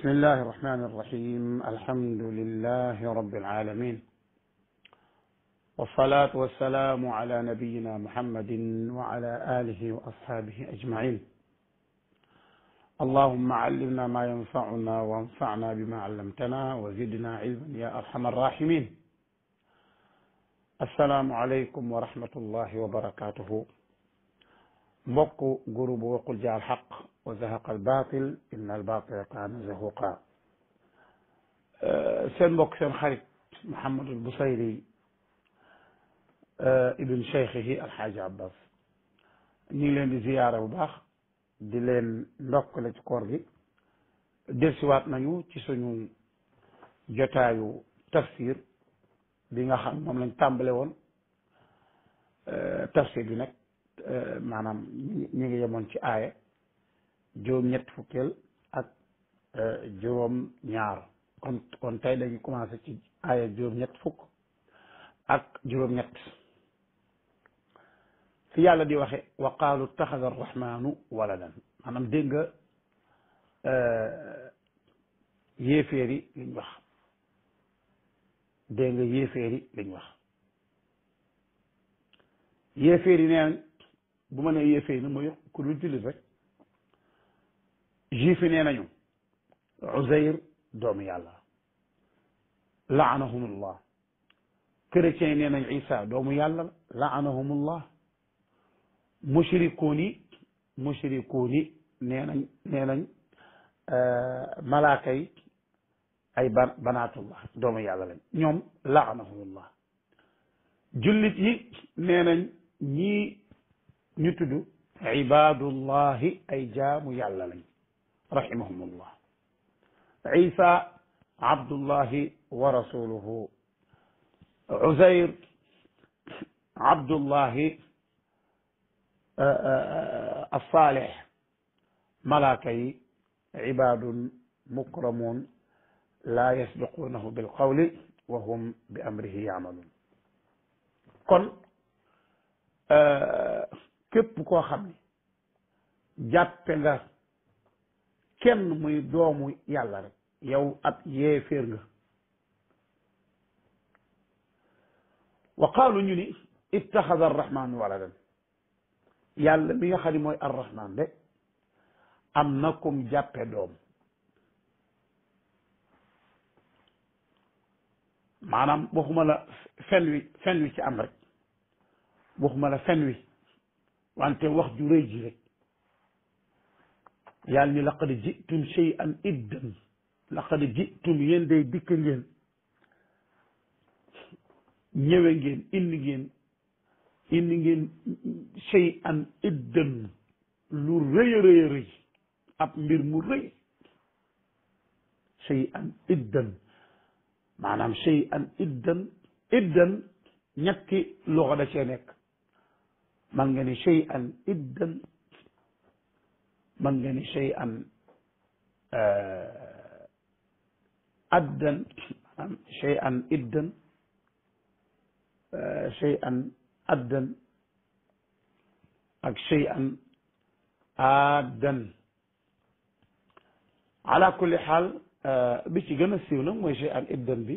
بسم الله الرحمن الرحيم الحمد لله رب العالمين والصلاة والسلام على نبينا محمد وعلى آله وأصحابه أجمعين اللهم علمنا ما ينفعنا وانفعنا بما علمتنا وزدنا علما يا أرحم الراحمين السلام عليكم ورحمة الله وبركاته mbokk groupe Waxul Jaar Xaq وزهق الباطل إن الباطل كان زهوقا seen mbokk seen xarit Mouhamadul Busayri ibn cheikhihi alxaaji Abbas ñu ngi leen di ziyaara bu baax di leen ndokkale ci koor gi delsiwaat nañu ci suñu jotaayu tafsir bi nga xam moom lañ tàmbale woon tafsir gi nag maanaam ñu ngi yemoon ci aaya juróom-ñett fukkeel ak e, juróom ñaar kon kon tey dañu commencé ci aaya juróom-ñett fukk ak juróom-ñett fi yàlla di waxe wa qaalu taxada arrahmanu waladan maanaam dégg nga e, yéeféeri liñ wax dégg nga yéeféeri liñ wax yéeféeri neen bu ma nee yéeféeri na mooy ku dul juif yi nee nañu Uzayr doomu yàlla laanahumullah chrétiens yi nee nañ Isa doomu yàlla laanahumullah mushrikuun yi mushrikuun yi nee nañ nee nañ euh, malaaka yi ay ban banaatullah doomu yàlla lañ ñoom laanahumullah jullit yi nee nañ ñii ñu tudd ibadullahi ay jaamu yàlla lañ rahimahumullah isa abdullahi wa rasuluhu uzair abdullahi eh, eh, alsaalih malaaka yi cibaadun mukramuun laa yasbiquunahu bilqawli wa hum bi amrihi yaamaluun kon eh, képp koo xam ne jàppe nga kenn muy doomu yàlla rek yow ab yéeféer nga wa qaalu ñu ni ittaxada arrahmanu waladan yàlla mi nga xam ne mooy arrahman de am na kum jàppe doom maanaam waxuma la fen wi ci am rek waxuma la fen wi wante wax ju rëy ji rek yàlla ni laqad jitum shay'an iddan laqad jitum yéen day dikk ngeen ñëwe ngeen indi ngeen indi ngeen iddan lu rëy a rëy ab mbir mu rëy shay'an iddan maanaam shay'an iddan iddan ñetti loxo da cee nekk man nga ni iddan من لني شيئا أدا شيئا إدا شيئا أدا أك شيئا آدا على كل حال bi ci gën a siiw nag mooy shay'an iddan bi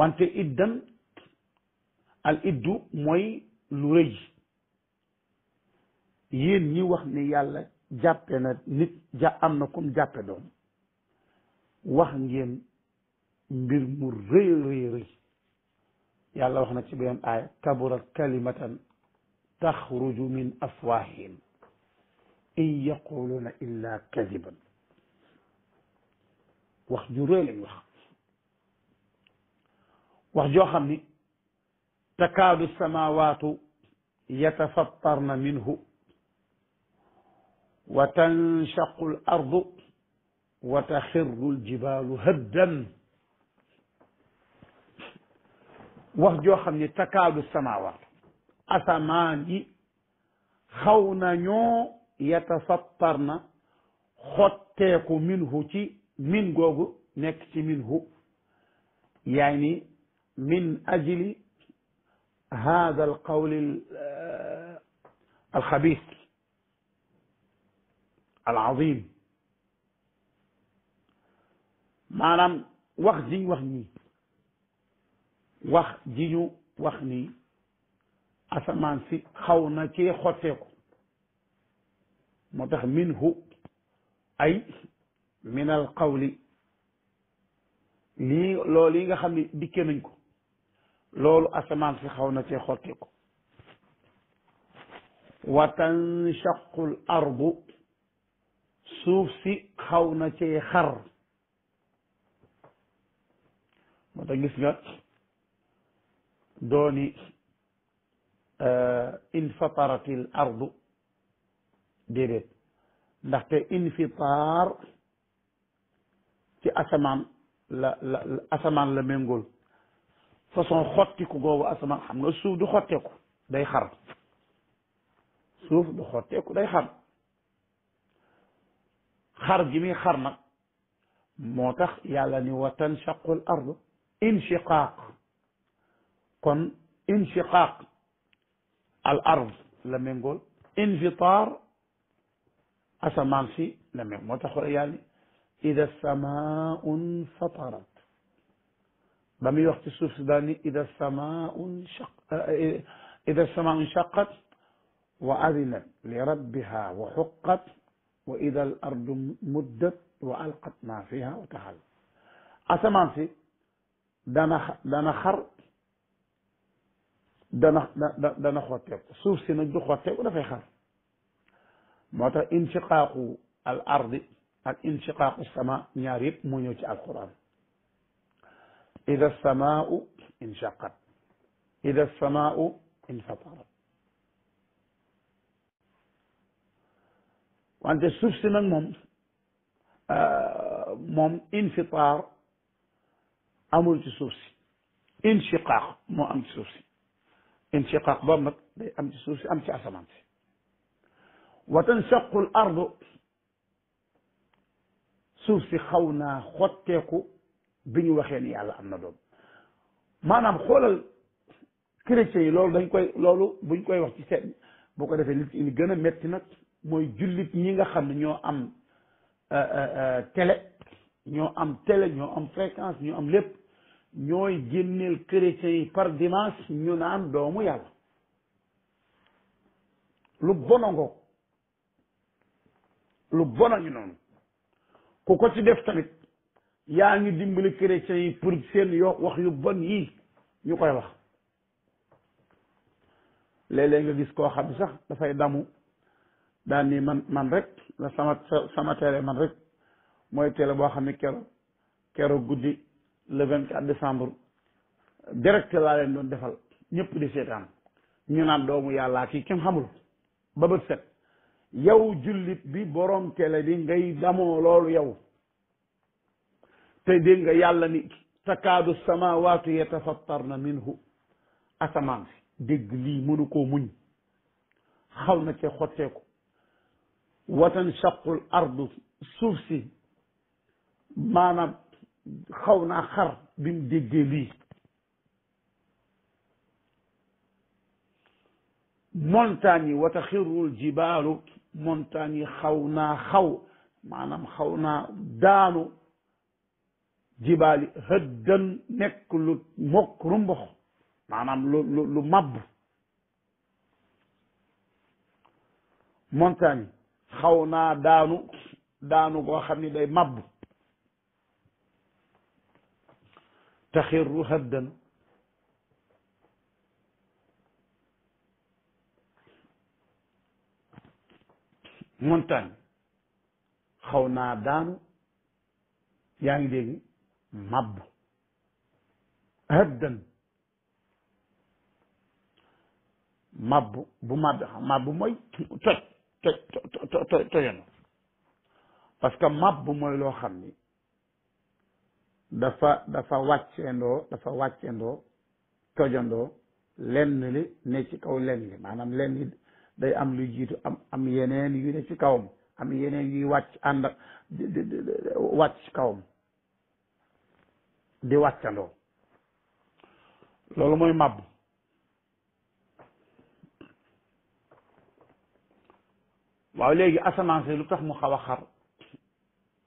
wante iddan al iddu mooy lu rëy yéen ñi wax ni yàlla jàppe na nit ja am na comme jàppe doom wax ngeen mbir mu rëy rëy rëy yàlla wax na ci beneen aaya kabura kalimatan taxruju min afwahihim in yaquluuna illa kadiban wax ju rëy lañ wax wax joo xam ni takaadu samawaatu yatafattarna minhu wa tanshaqu l ardu wa taxirru l jibaalu haddan wax joo xam ne takaadu samaawaat asamaan yi xaw na ñoo yatafattarna xotteeku minhu ci min googu nekk ci minhu yaani min ajli hada alqawli alxabis alazim maanaam wax ji wax nii wax ji ñu wax nii asamaan si xaw na cee xotteeku moo tax minhu ay min al qawli lii loolu yi nga xam ne dikke nañ ko loolu asamaan si xaw na cee xotteeku wa tanshaqu al ardu suuf si xaw na cee xar moo tax gis nga dooni euh, infitaratil ardu déedéet ndaxte infitar ci asamaan la la asamaan la méngool façon xottiku googu asamaan xam nga suuf du xotteeku day xar suuf du xotteeku day xar xar gi muy xar nag moo tax yàlla ni wa tanshaqu l ardu inshiqaaq kon inshiqaaq al ard la méngool infitar asamaan si la méng moo tax wala yàlla ni ida samaun fatarat ba muy wax ci suuf si daal ni ida samaun shaq ida samaun shaqat wa adinat li rabbiha wa xuqqat wa ida al ardu muddat wa alqat ma fiha wa taxal asamaan si dana dana xar dana da dana xotteeku suuf si nag du xotteeku dafay xar moo tax inshiqaaqu al ardi ak inshiqaaqu sama ñaar yëpp moo ñëw ci alquran ida samaau inshaqat ida samaau infatarat wante suuf si nag moom euh, moom infitaar amul ci suuf si inchiqaaq moo am ci suuf si inchiqaaq nag day am ci suuf si am ci asamaan si wa tanshaqu l ardu suuf si xaw naa xotteeku bi ñu waxee ni yàlla am na doom maanaam xoolal chrétiens yi loolu dañ koy loolu buñ koy wax seen boo ko defee li gën a metti nag mooy jullit ñi nga xam ne ñoo am euh, euh, euh, télé ñoo am télé ñoo am fréquence ñoo am lépp ñooy génneel chrétiens yi par dimanche ñu naan doomu yàlla lu bonongo lu bona ñu noonu ku ko ci def tamit yaa ngi dimbali chrétiens yi pour seen yoo wax yu bon yii ñu koy wax léeg-léeg nga gis koo xam sax dafay damu daan ni man man rek la sama sama man rek mooy teele boo xam ne keroog keroog guddi le vingt quatre décembre direct laa leen doon defal ñëpp di seetaan ñu naan doomu yàllaa kii kenn xamul ba bët set yow jullit bi boroom tele bi ngay damoo loolu yow te dégg nga yàlla ni takaadu samawaatu yatafattarna minhu asamaan si dégg lii mënu koo muñ xaw na ca xotteeku watan shaqul ardu suuf si maanaam xaw naa xar bi mu déggee lii montagne yi wata xirul jibaalu montagne yi xaw naa xaw maanaam xaw naa daanu jibaali hëddan nekk lu mokk rumbox maanaam lu lu lu mabb montagne xaw naa daanu daanu koo xam ni day mabbu taxirru habdan montagne xaw naa daanu yaa ngi dégg mabbu habdan mabbu bu mabbu mabbu mooy toj to tojana parce que màbb mooy loo xam ni dafa dafa wàcceendoo dafa wàcceendoo tojandoo lenn li ne ci kaw lenn li maanaam lenn li day am luy jiitu am am yeneen yu ne ci kawam am yeneen yuy wàcc ànd ak wàcc ci kawam di wàccandoo loolu mooy màbb waaw léegi asamaan lu tax mu xaw a xar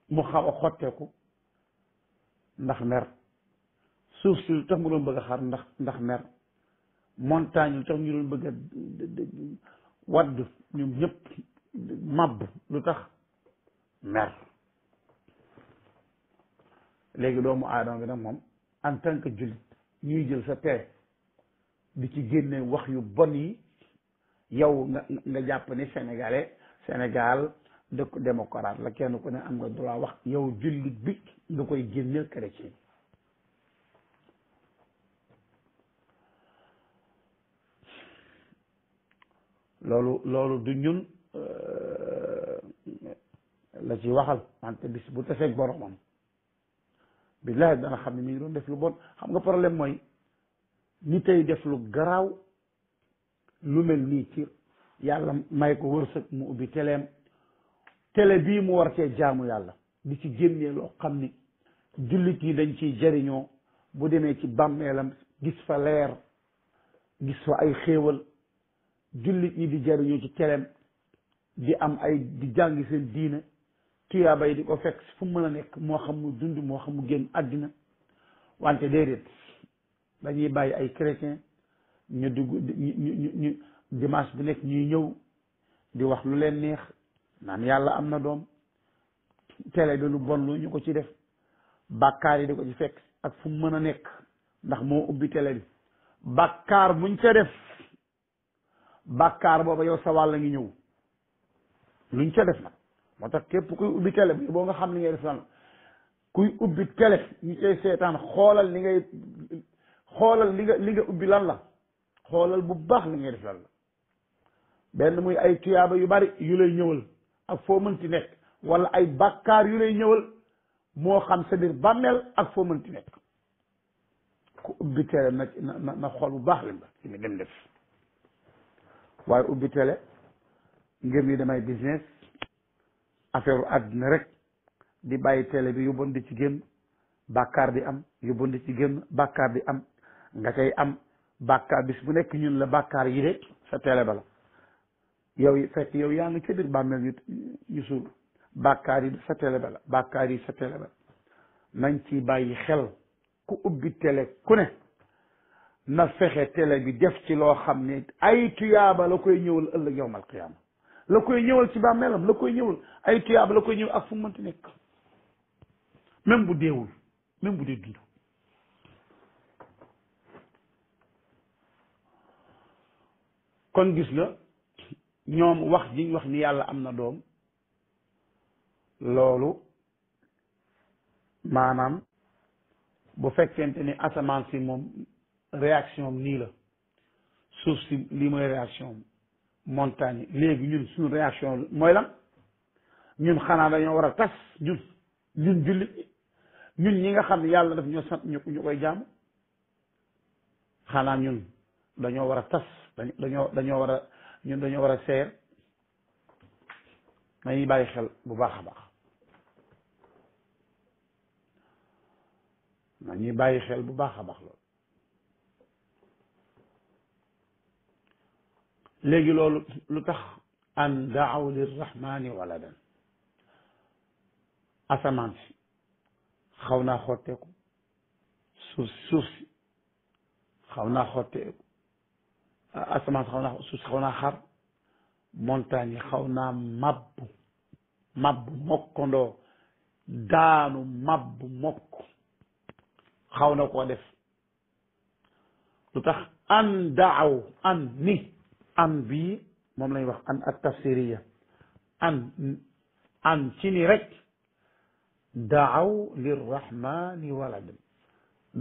mu xaw a xotteeku ndax mer suuf si lu tax mu doon bëgg a xar ndax ndax mer montagne lu tax ñu doon bëgg a wadd ñoom ñëpp màbb lu tax mer léegi doomu aadama bi nag moom en tant que jullit ñuy jël sa paix di ci génne wax yu bon yi yow nga nga jàpp ne sénégalais Sénégal dëkk démocrate la kenn ku ne am nga droit wax yow jullit bi nga koy génneel chrétien bi loolu loolu du ñun euh, la ci waxal wante bis bu taseeg boromam billahi dana xam ne mi ngi doon def lu bon xam nga poroblème mooy ni tey def lu garaaw lu mel nii ci yàlla may ko wërsëg mu ubbi teleem tele bii mu war cee jaamu yàlla di ci génnee loo xam ni jullit yi dañ ciy jariñoo bu demee ci bàmmeelam gis fa leer gis fa ay xéewal jullit ñi di jariñoo ci teleem di am ay di jàng seen diine tuyaaba yi di ko fekk fu mën a nekk moo xam mu dund moo xam mu génn àddina wante déedéet dañuy bàyyi ay chrétien ñu dugg ñu ñu ñu dimanche bi nekk ñuy ñëw di wax lu leen neex naan yàlla am na doom télé bi lu bon lu ñu ko ci def bàkkaar yi di ko ci fekk ak fu mu mën a nekk ndax moo ubbi télé bi bàkkaar buñ ca def bàkkaar booba yow sa ngi ñëw luñ ca def moo tax képp kuy ubbi boo nga xam ni ngay def lan kuy ubbi tele ñu cay seetaan xoolal li ngay xoolal li nga li nga ubbi lan la xoolal bu baax li ngay def lan la benn muy ay tuyaaba yu bari yu lay ñëwal ak foo mënti nekk wala ay bàkkaar yu lay ñëwal moo xam sa biir bàmmeel ak foo mënti nekk ku ubbi télé na na xool bu baax lim la li mu dem def waaye ubbi télé ngir ni damay business affaire àddina rek di bàyyi tele bi yu di ci génn bàkkaar di am yu di ci génn bàkkaar di am nga koy am bàkkaar bis bu nekk ñun la bàkkaar yi de sa télé ba la yow fekk yow yaa ngi ca biir bàmmeel yu yu suul bàkkaar yi sa télé ba la bàkkaar yi sa télé ba nañ ci bàyyi xel ku ubbi télé ku ne na fexe télé bi def ci loo xam ne ay tuyaaba la koy ñëwal ëllëg yowmal qiyaama la koy ñëwal ci bàmmeelam la koy ñëwal ay tuyaaba la koy ñëwal ak fu mu nekk même bu deewul même bu dee dund kon gis nga ñoom wax jiñ wax ni yàlla am na doom loolu maanaam bu fekkente ni asamaan si moom réaction am nii la suuf si lii mooy réaction am montagne léegi ñun suñu réaction mooy lan ñun xanaa dañoo war a tas ñun ñun jullit ñun ñi nga xam yàlla daf ñoo sant ñu ñu koy jàmm xanaa ñun dañoo war a tas dañoo dañoo war a ñun dañoo war a seer nañuy bàyyi xel bu baax a baax nañuy bàyyi xel bu baax a baax loolu léegi loolu lu tax an daaw lirrahmani waladan asamaan si xaw naa xotteeku suuf suuf si xaw naa xotteeku asamaan xaw xaw naa xar montagne yi xaw mabbu mabbu mokkandoo daanu mabbu mokk xaw na koo def lu tax an daaw an ni an bii moom la wax an ak tafsiriya an an ci ni rek daaw lirrahmani waladan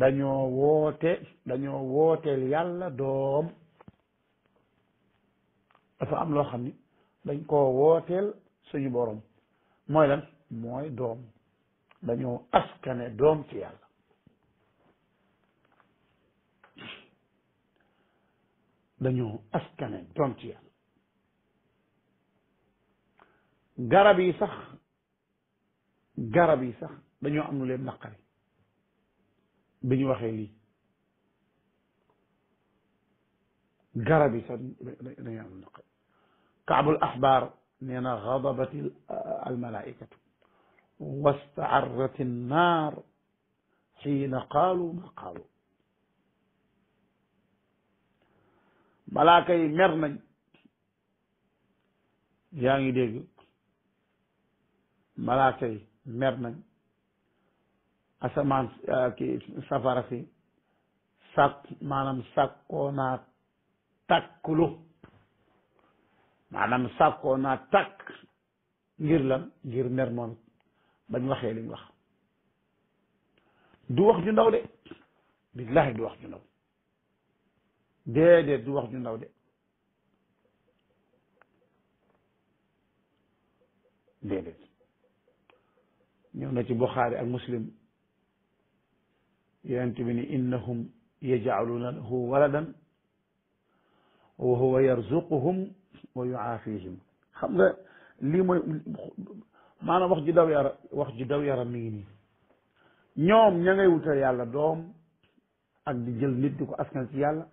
dañoo woote dañoo wooteel yàlla doom dafa am loo xam ni dañ koo wooteel suñu boroom mooy lan mooy doom dañoo askane doom ci yàlla dañoo askane doom ci yàlla garab yi sax garab yi sax dañoo am lu leen naqari bi ñu waxee lii garab yi sax dañoo am naqari kaabul axbaar nee na xadabat almalaikatu wastaarat annaar xiina qaalu ma qaalu malaaka yi mer nañ yaa ngi dégg malaaka yi mer nañ asamaan euh, ki safara si sàkk maanaam sàkkoo naa takklu maanaam sàkkoo naa tàkk ngir lan ngir mer moom bañ waxee liñ wax du wax ju ndaw de billaahi du wax ju ndaw déedéet du wax ju ndaw de déedéet ñëw na ci buxaari ak muslim yonent bi ni innahum yajcaluuna lahu waladan wa huwa yarzuquhum wa yuaafihim xam wax ji daw yaram wax mi ngi nii ñoom ña ngay wutal yàlla doom ak di jël nit di ko askan ci yàlla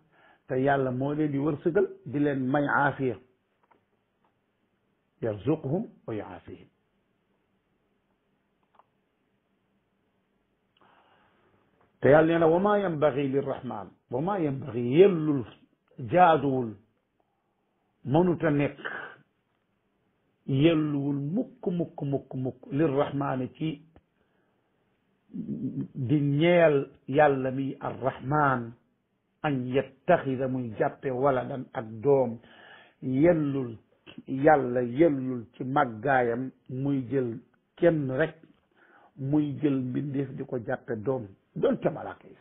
te yàlla moo leen di wërsëgal di leen may aafiya yarzuquhum wa yuaafihim te yàlla nee na wa maa yambaxi lirrahman wa maa mënut a nekk yelluwul mukk mukk mukk mukk lir ci di ñeel yàlla mi arrahman an yettaxida muy jàppe waladan ak doom yellul yàlla yellul ci màggaayam muy jël kenn rek muy jël mbindeef di ko jàppe doom doon malaaka yi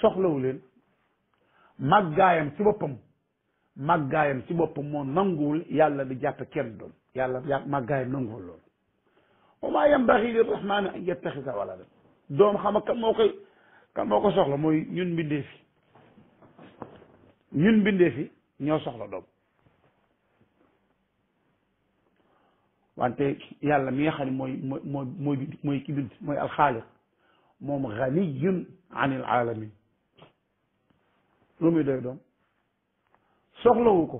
sax màggaayam ci boppam màggaayam ci boppam moo nanguwul yàlla di jàppe kenn doom yàlla màggaayam nanguwul loolu wa maa yambaxi lir rahmaani an yattaxisa walada doom xam moo koy kan moo ko soxla mooy ñun mbindee fi ñun mbindee fi ñoo soxla doom wante yàlla mi nga xam ne mooy mooy mooy mooy ki mooy alxaaliq moom ganiyun an il lu muy doy doom soxlawu ko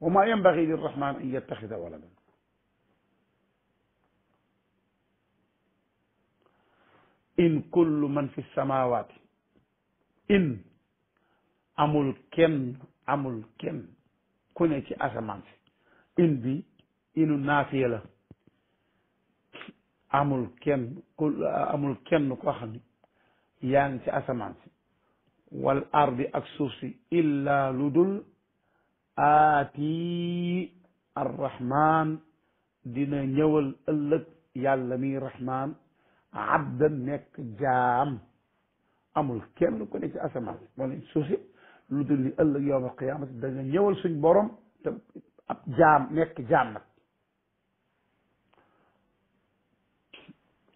wa ma yanbagi lirrahman an yattaxida waladan in kullu man fi samawati in amul kenn amul kenn ku ne ci asamaan si in bi inu naafiya la amul kenn ku amul kenn koo xam ne yaa ngi ci asamaan si wal ardi ak suuf si illa lu dul aati arrahman dina ñëwal ëllëg yàlla mi rahman abdan nekk jaam amul kenn ku nekk ci asamaan wala suuf si lu ëllëg yowma qiyaamati suñ borom te ab jaam nekk jaam nag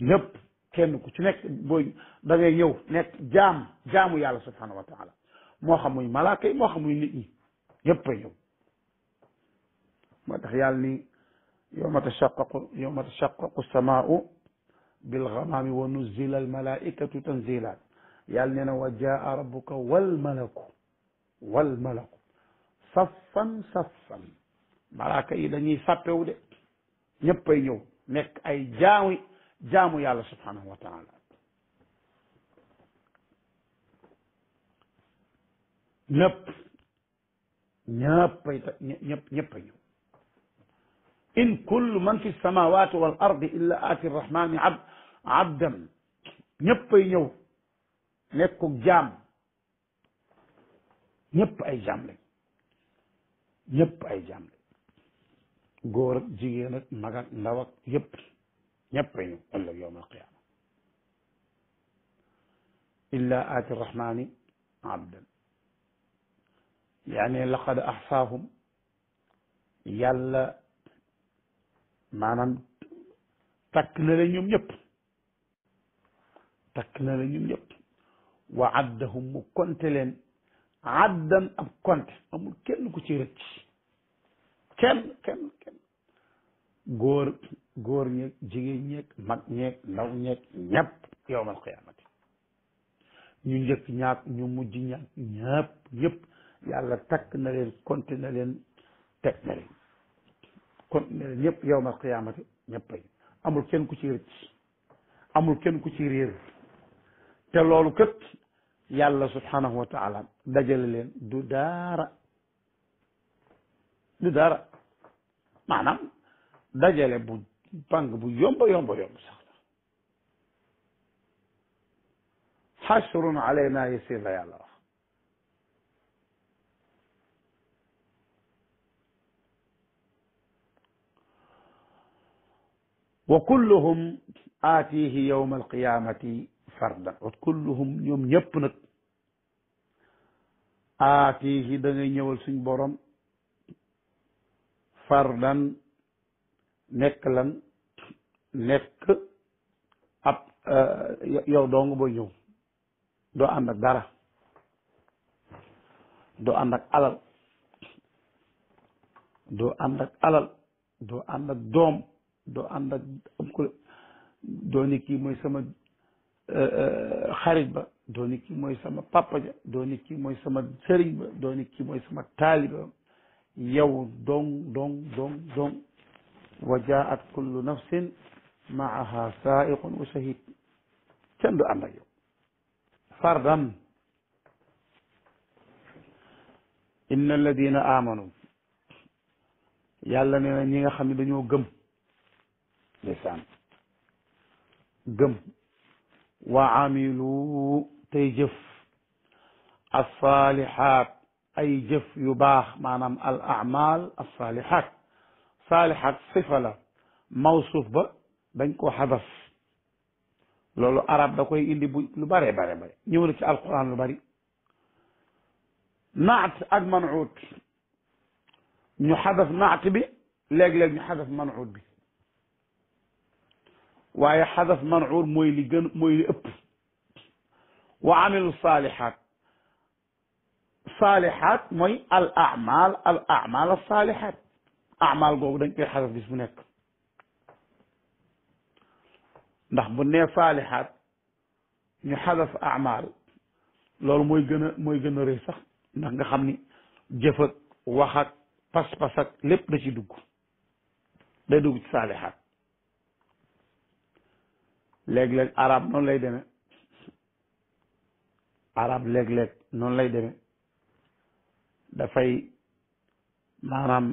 ñëpp kenn ku ci nekk boy da yow ñëw nekk jaam jaamu yàlla subhanahu wa taala moo xam muy malaaka yi moo xam muy nit ñi yépp a ni yawma tashaqqaqu yawma tashaqqaqu samaa'u bil wa nuzzila al malaa'ikatu tanzila yàlla nee na wa jaa rabbuka wal malaku wal malaku saffan saffan malaaka yi de ñëppay ñëw nekk ay jaamu jaamu yàlla subhanahu wa taala ñëpp ñëppay ñëpp ñëpp a ñëw in kullu man fi samawati wal ardi illa aati rrahmani ab abdan ñëppay ñëw nekkug jaam ñëpp ay jaam lañ ñëpp ay jaam lañ góor ak jigéen ak mag ak ndaw ak yëpp ñëpp ñu ëllëg yowm alqiyaama illa aati rahmani abdan maanaam takk na la ñoom ñëpp takk na la ñoom ñëpp wa addahum mu kenn ku ci rëcc kenn kenn kenn góor ñeeg jigéen ñeeg mag ñeeg ndaw ñeeg a yowmal qiyaamati ñu njëkk ñaat ñu mujj ñaak ñépp ñëpp yàlla takk na leen compté leen teg na leen compté na leen ñëpp yowmal qiyaamati ñépp ay amul kenn ku ci kenn ku ci réer te loolu kët yàlla subhanahu wa taala dajale leen du daara du daara maanaam dajale bu banque bu yomba yomba yomb sax la xasrun alayna yasir la yàlla wax wa kulluhum aatihi yowma alqiyamati fardan wa kulluhum ñoom ñëpp nag aatihi da ngay ñëwal suñ borom fardan nekk lan nekk ab eh, yow dong booy ñëw doo ànd ak dara doo ànd ak alal doo ànd ak alal doo ànd ak doom doo ànd ak am ko doo ni kii mooy sama eh, eh, xarit ba doo ni kii mooy sama papa ja doo ni kii mooy sama sëriñ ba doo ni kii mooy sama taaliba yow dong dong dong dong wa jaat kullu nafsin maaha saaiqun wa shahid kenn du ànd ak yow fardan inna alladina amanu yàlla nee na ñi nga xam ne dañoo gëm ndeysaan gëm wa amilu tey jëf alsalihat ay jëf yu baax maanaam al amal alsalihat saalihaat sifa la mawsuuf ba dañ koo xadaf loolu arab da koy indi bu lu bare bare bare ñëw na ci alquran lu bari naat ak manuut ñu xadaf naat bi léeg-léeg ñu xadaf manuut bi waaye xadaf manuut mooy li gën mooy li ëpp wa amilu saalihaat saalihaat mooy al amal al amal saalihaat amal googu dañ koy xasaf bis bu nekk ndax bu nee saalihaat ñu xasaf amal loolu mooy gën a mooy gën a rëy sax ndax nga xam ni jëf ak wax ak pas-pas ak lépp da ci dugg day dugg ci saalihaat léeg-léeg arab lay deme arab léeg-léeg noonu lay deme dafay maanaam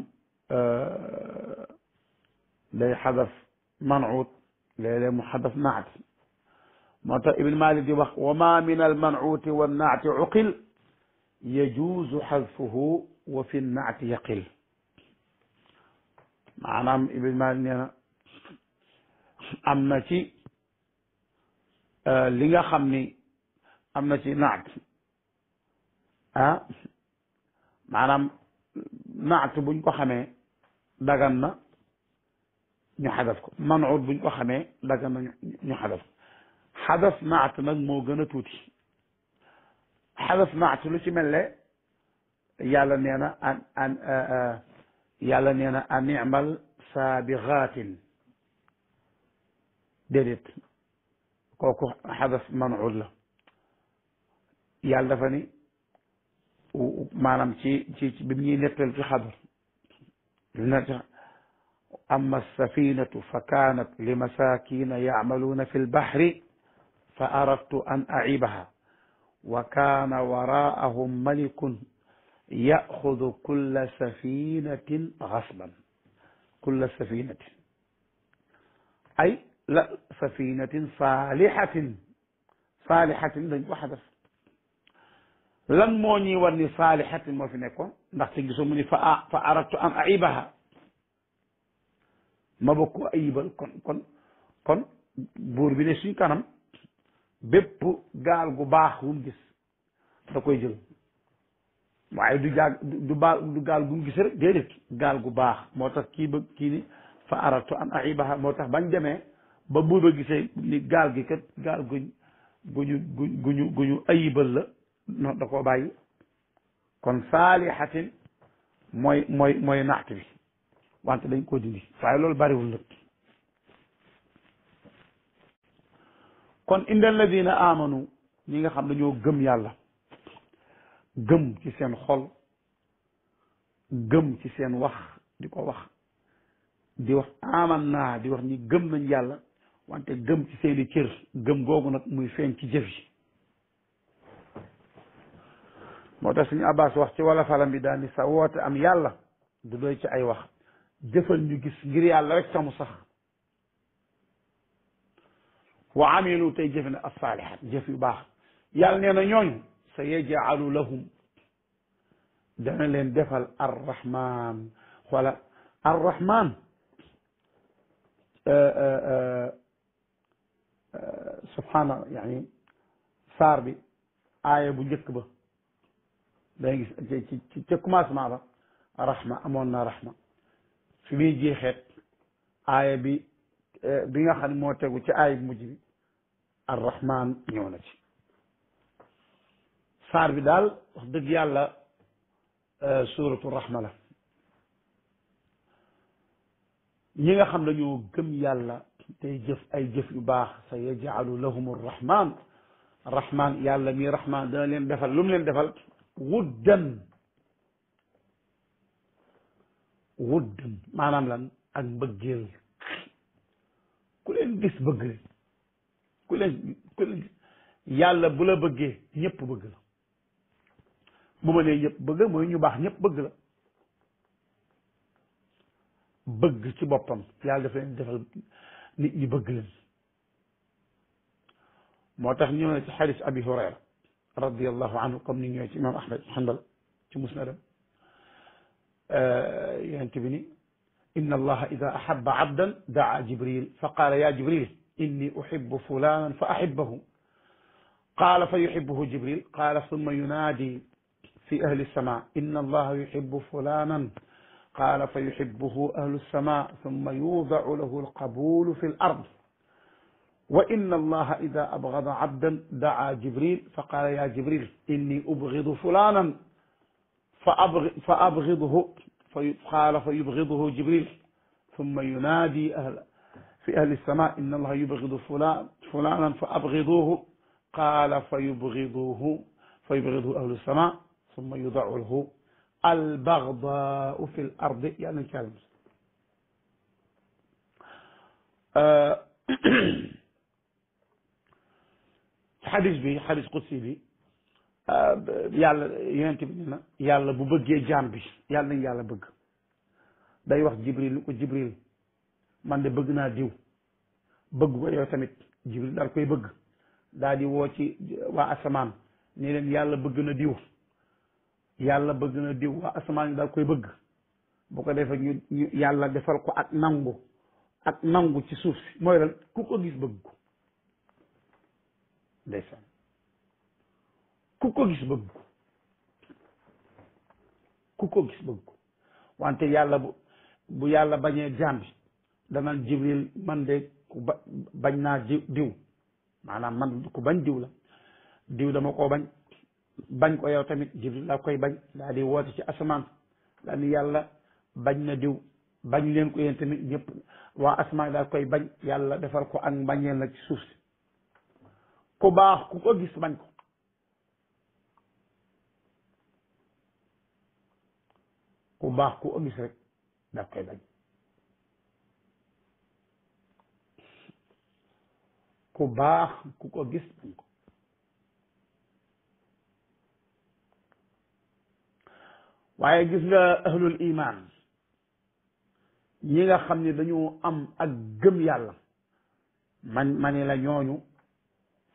day xadaf manut léeg-léeg mu xadaf naat moo tax ibn malik di wax wa ma min almanuti wannaati uqil yajuuzu xadfuhu wa fi naati yaqil maanaam ibn malik nee na am na ci li nga xam ni am na ci naat ah maanaam naat buñ ko xamee dagan na ñu xadaf ko manut buñ ko xamee dagan ñu xadaf xadaf naat nag moo gën a tuuti xadaf naat lu ci mel ne yàlla nee an an yàlla nee na an imal saabixaatin déedéet kooku xadaf manut la yàlla dafa ni maanaam ci ci bi ñuy nettal ci xadar أما السفينة فكانت لمساكين يعملون في البحر فأردت أن أعيبها وكان وراءهم ملك يأخذ كل سفينة غصبا كل سفينة أي لا سفينة صالحة صالحة dañ ko xadaf lan moo ñuy war ni saalihatin moo fi nekkoon ndax ndaxte gisoo mu ni fa a fa aradtu an aibaha ma bëgg ko ayibal kon kon kon buur bi ne suñ kanam bépp gaal gu baax wu gis da koy jël waaye du du baal gaal gu mu gis rek déedéet gaal gu baax moo tax kii ba kii ni fa aradtu an aibaha moo tax bañ demee ba buur ba gisee ni gaal gi kat gaal gu guñu gu guñu ayibal la no da koo bàyyi kon saalihatin mooy mooy mooy naxt bi wante dañ ko dindi waaye loolu bariwul nag kon indal ladina amanu ñi nga xam dañoo gëm yàlla gëm ci seen xol gëm ci seen wax di ko wax di wax aman naa di wax ni gëm nañ yàlla wante gëm ci seeni cër gëm googu nag muy feeñ ci jëf moo tax suñu abbas wax ci wala falam bi daal ni sa woote am yàlla du doy ci ay wax jëfal ñu gis ngir yàlla rek samu sax wa amilu tey jëfe ne alsaalihat jëf yu baax yàlla nee na ñooñu sa yajaalu lahum dana leen defal arrahman wala arrahman euh, euh, euh, subhaana yani saar bi aaya bu njëkk ba day gis ci ci ca commencement ba rahma amoon na rahma fi muy jeexeet aaya bi eh, bi nga xam ne moo tegu ci aaya bi mujj bi arrahman ñëw na ci saar bi daal wax dëgg yàlla eh, suuratu rahma la ñi nga xam dañoo gëm yàlla tey jëf ay jëf yu baax sa yajaalu lahum arrahman rahman yàlla mi rahman daa leen defal lu mu leen defal wuddan wuddan maanaam lan ak mbëggeel ku leen gis bëgg leen ku leen ku leen yàlla bu la bëggee ñépp bëgg la bu ma nee ñëpp bëgg mooy ñu baax ñëpp bëgg la bëgg ci boppam yàlla defal nit ñi bëgg leen moo tax ñu na ci xadis abi hurayra radiallahu anhu comme ni ñëwee ci imam ahmad hanbal ci musnadam euh, yonent bi ni inna allaha ida ahaba abdan daa jibril fa qaala ya jibril inni uhibbu fulanan fa ahibbahu qaala fa yuhibbuhu jibril qaala summa yunaadi fi ahli lsama inna allaha yuhibbu fulanan qaala fa yuhibbuhu ahlu lsama summa yuudau lahu alqabulu fi l ard wa inna allaha ida abgada abdan daa jibril fa qaala ya jibril inni ubgidu fulanan fa ab fa abgiduhu fa qaala fa yubgiduhu jibril summa yunaadi ahla fi ahli sama inna allaha yubgidu fulan fulanan fa abgiduhu qaala fa yubgiduhu fa yubgiduhu ahlu sama summa yudacu lahu albagdaau fi l ardi yàlla nañ ci yàlla xadis bi xadis qudsi bi euh, yàlla yonent bi na yàlla bu bëggee jaam bi yàlla nañ yàlla bëgg day wax jibril ni ko jibril man de bëgg naa diw bëgg ko yow tamit jibril daal koy bëgg daal woo ci waa asamaan ne yàlla bëgg na diw yàlla bëgg na diw waa asamaan yi daal koy bëgg bu ko defee ñu ñu yàlla defal ko ak nangu ak nangu ci suuf si mooy lan ku ko gis bëgg ko ndeysaan ku ko gis bëgg ko ku ko gis bëgg ko wante yàlla bu yàlla bañee jàmbi danaan jibril man de ku bañ naa diw maanaam man ku bañ diw la diw dama koo bañ bañ ko yow tamit jibril laa koy bañ daa di woote ci asamaan daa yàlla bañ na diw bañ leen ko tamit ñëpp waa asamaan koy bañ yàlla defar ko ak mbañeel nag ci suuf ku baax ku ko gis bañ ko ku baax ku ko gis rek daf koy bañ ku baax ku ko gis bañ waaye gis nga ahlul iman ñi nga xam ni dañu am ak gëm yàlla man ma ni la ñooñu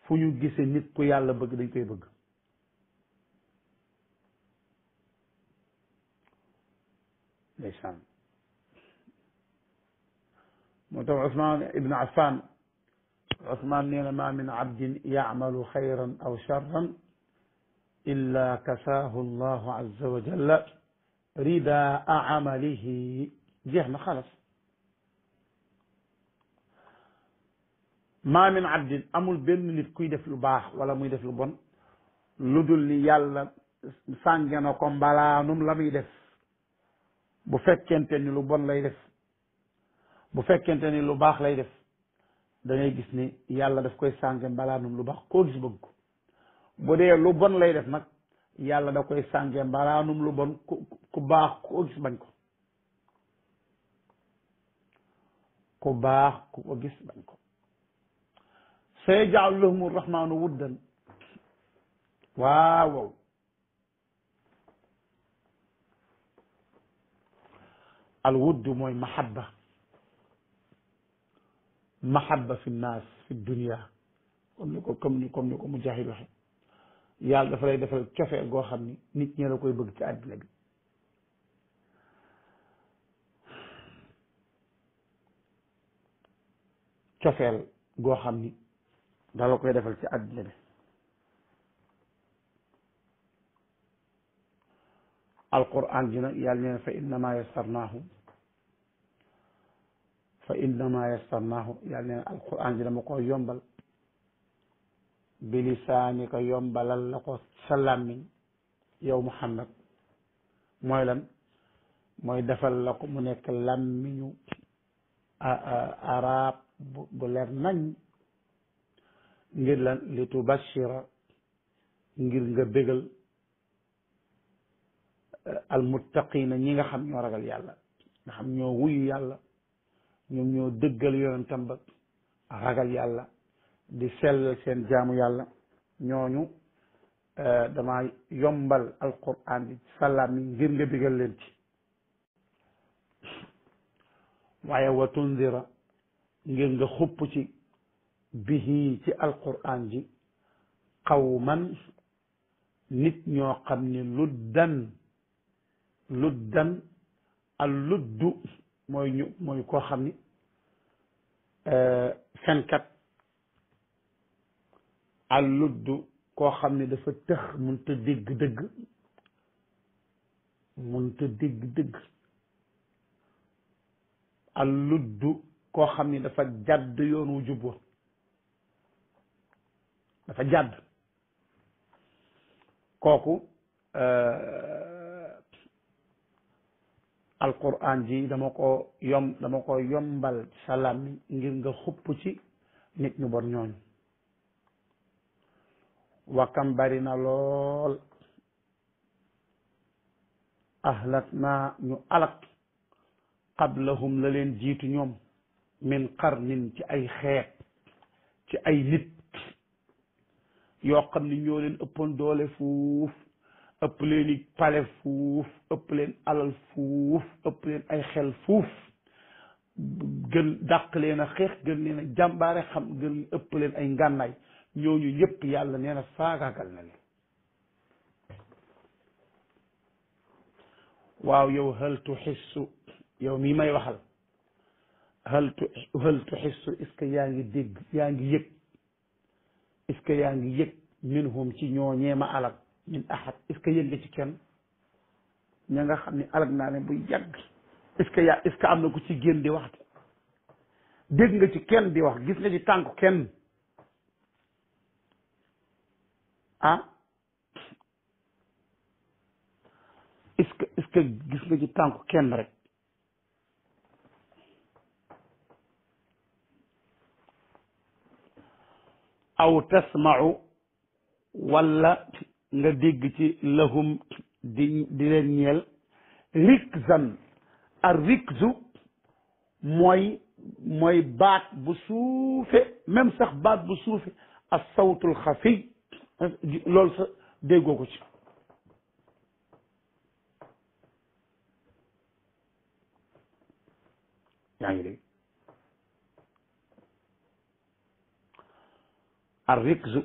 fu ñu gisee nit ku yàlla bëgg dañ koy bëgg ndeysaan moo tax Usmaan ibn Affan Usmaan nee na maa min abdin yacmalu xayran aw charran illa kasaahu allahu azza wa jalla ridaa amalihi jeex na xalas ma min amul benn nit kuy def lu baax wala muy def lu bon lu dul ni yàlla sànge na ko mbalaanum la muy def bu fekkente ni lu bon lay def bu fekkente ni lu baax lay def dangay gis ni yàlla daf koy sànge mbalaanum lu baax koo gis bëgg ko bu dee lu bon lay def nag yàlla da koy sànge mbalaanum lu bon ku ku baax koo gis bañ ko ku baax ku ko gis bañ ko sayaj'alu lahumu rahmaanu wuddan waaw waaw al wudd mooy mahabba mahabba fi nnaas fi dunia comme ni ko comme ni comme ni ko mujahid waxe yàlla dafa lay defal cofeel goo xam ni nit ñi la koy bëgg ci àddina bi cofeel goo xam ni dala koy defal ci àddina bi alquran ji nag yàlla neen fa innama yassarnaahu fa innama yassarnaahu yàlla neen alquran ji dama ko yombal bi lisaani ko yombalal la ko sa làmmiñ yow mu mooy lan mooy defal la ko mu nekk làmmiñu arab bu leer nañ ngir lan li tubashira ngir nga bégal euh, almuttaqina ñi nga xam ñoo ragal yàlla nga xam ñoo wuyu yàlla ñoom ñoo dëggal yonentam ba ragal yàlla di sellal seen jaamu yàlla ñooñu euh, dama yombal alquran bi salaam mi ngir nga bégal leen ci waaye wa ngir nga xupp ci bihi ci alquran ji man nit ñoo xam ni luddan luddan al luddu mooy ñu mooy koo xam ni euh, fenkat al luddu koo xam ni dafa tëx mënta dégg dëgg mënta dégg dëgg al luddu koo xam ni dafa jàdd yoon wu jubwa dafa jàdd kooku euh, alquran ji dama ko dama ko yombal salaam ngir nga xupp ci nit ñu bon ñooñ wakam bari na lool ahlat naa ñu alak qablahum la leen jiitu ñoom min qarnin ci ay xeet ci ay nit yoo xam ni ñoo leen ëppoon doole fuuf ëpp leen i pale fuuf ëpp leen alal fuuf ëpp leen ay xel fuuf gën dàq leen a xeex gën leen a jàmbaare xam gën ëpp leen ay ngànnaay ñooñu ñëpp yàlla nee na faagaagal na leen waaw yow hal tuxissu yow mii may waxal hal tu hal tuxissu est-ce que yaa ngi dégg yaa est-ce yaa ngi yëg minhum ci ñooñee ma alag min ahad est yëg nga ci kenn ña nga xam ni alag naa leen bu yàgg est yaa est am na ku ci génn di wax dégg nga ci kenn di wax gis nga ci tànku kenn ah est-ce que gis nga ci tànku kenn rek aw tasma'u wala nga dégg ci lahum di di leen ñeel rikzan ar rikzu mooy mooy baat bu suufe même sax baat bu suufe as sawtul xafiy loolu sa déggoo ko ci ar rikzu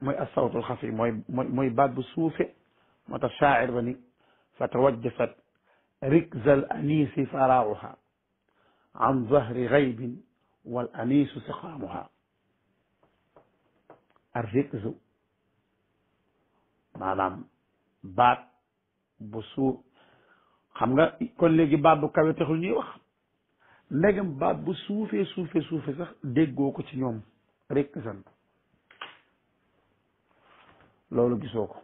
mooy assawtul xafi mooy mooy mooy baat bu suufe moo tax shaacir ba ni fa tawajjasat rikzal anisi faraaruha an zahri gaybin wal anisu siqaamuha ar rikzu maanaam baat bu suuf xam nga kon léegi baat bu kawe taxul ñuy wax ndegam baat bu suufee suufee suufee sax déggoo ko ci ñoom rek san loolu gisoo ko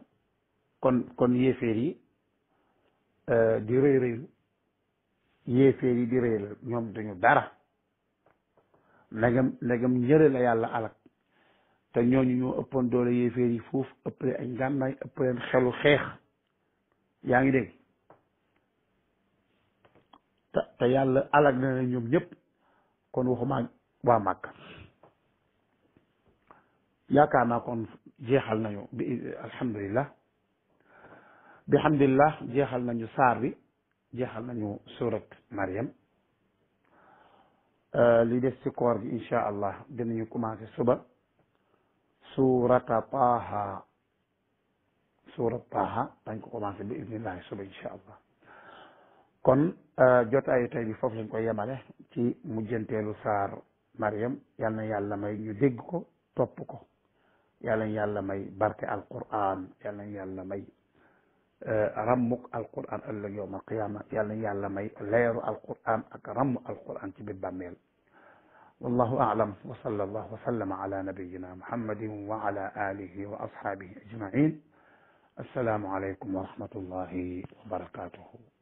kon kon yéeféer yi euh, di rëy rëylu yéeféer yi di rëy ñoom duñu dara ndegam ndegam ñëre la yàlla alak te ñooñu ñoo ëppoon doole yéeféer yi foofu ëppale ay ngànnaay ëppaleen xelu xeex yaa ngi dégg te yàlla alak na ne ñoom ñëpp kon waxuma waa màkk yaakaar naa kon jeexal nañu bi alhamdulillah bi hamdillah jeexal nañu saar bi jeexal nañu surat Maryam euh, li des ci koor gi incha allah dinañu commencé suba surata Taaha surat Taaha dañ ko commencé bi ibnillahi suba incha allah kon euh, jotaayu tey bi foofu lañ koy yemale ci mujjanteelu saar Maryam yal na yàlla may ñu dégg ko topp ko yàlla na yàlla may barke alquran yàlla na yàlla may eh, rammuk alquran ëllëg yowm alqiyama yàlla na yàlla may leeru alquran ak ramm alquran ci biir bàmmeel wallahu a'lam wa sallallahu wa sallama ala nabiyyina muhammadin wa ala alihi wa ashabihi ajma'in assalaamu aleykum wa rahmatullahi wa barakatuhu